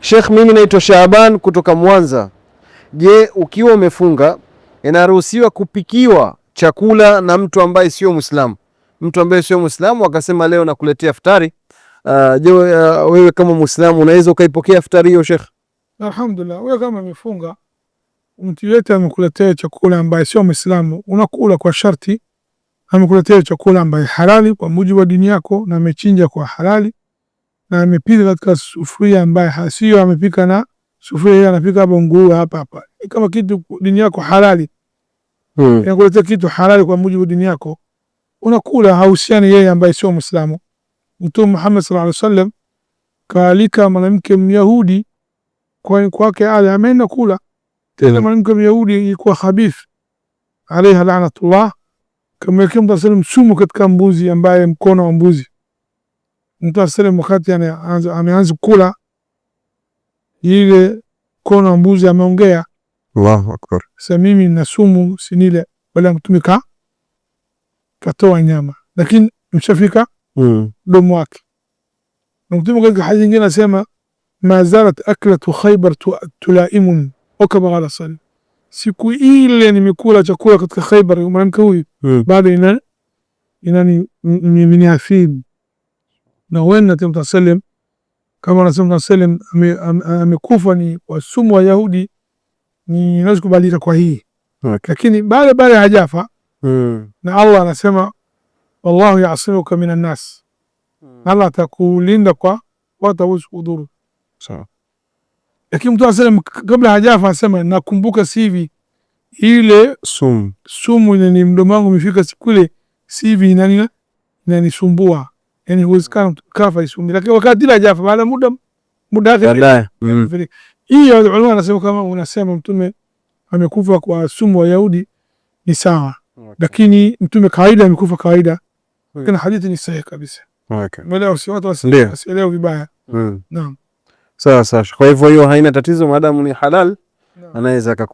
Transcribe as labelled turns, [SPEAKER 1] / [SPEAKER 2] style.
[SPEAKER 1] Sheikh, mimi naitwa Shaaban kutoka Mwanza. Je, ukiwa umefunga inaruhusiwa kupikiwa chakula na mtu ambaye sio Muislamu? Mtu ambaye sio Muislamu akasema leo nakuletea iftari. Uh, je, uh, wewe kama Muislamu unaweza ukaipokea iftari hiyo Sheikh?
[SPEAKER 2] Alhamdulillah, wewe kama umefunga mtu yeyote amekuletea chakula ambaye sio Muislamu unakula kwa sharti amekuletea chakula ambaye halali kwa mujibu wa dini yako na amechinja kwa halali na amepika katika sufuria ambaye sio amepika na sufuria hiyo anapika hapo nguo hapa hapa. Kama kitu dini yako halali mm. inakuletea kitu halali kwa mujibu dini yako, unakula hausiani yeye ambaye sio Muislamu. Mtume Muhammad sallallahu alaihi wasallam kaalika mwanamke Myahudi kwa kwake ale ameenda kula tena. Mwanamke Myahudi ilikuwa khabith, alaiha laanatullah, Kama kimtasalim sumu katika mbuzi ambaye mkono wa mbuzi mtu asile mkati ameanza kula ile kono mbuzi ameongea.
[SPEAKER 1] Allahu akbar!
[SPEAKER 2] Sasa mimi nasumu sinile wala mtumika katoa nyama, lakini mshafika domo wake. Na Mtume katika hadithi nyingine anasema ma zalat aklatu Khaybar tulaimun wakaba ala sali, siku ile nimekula chakula katika Khaybar mwanamke huyu bado inani miniafidi na huenda Mtume sallam kama anasema Mtume sallam amekufa ni wasumu Wayahudi, ni inaweza kubalika kwa hii okay. Lakini bale bale hajafa mm. na Allah anasema wallahu yasimuka minan nas mm. Allah atakulinda kwa watu hawezi kudhuru sawa. Lakini Mtume sallam kabla hajafa anasema nakumbuka sivi ile sumu sumu ni mdomo wangu mifika sikule sivi inanisumbua yani huwezi kafa isumi, lakini wakati jafa baada muda muda
[SPEAKER 1] baadaye. Mm.
[SPEAKER 2] Hiyo ulama anasema kama unasema mtume amekufa kwa sumu wa Yahudi ni sawa, lakini mtume kawaida amekufa kawaida, hmm. lakini hadithi ni sahihi kabisa. Wasielewe vibaya.
[SPEAKER 1] Hmm. Sawa sawa. Kwa hivyo hiyo haina tatizo maadamu ni halal anaweza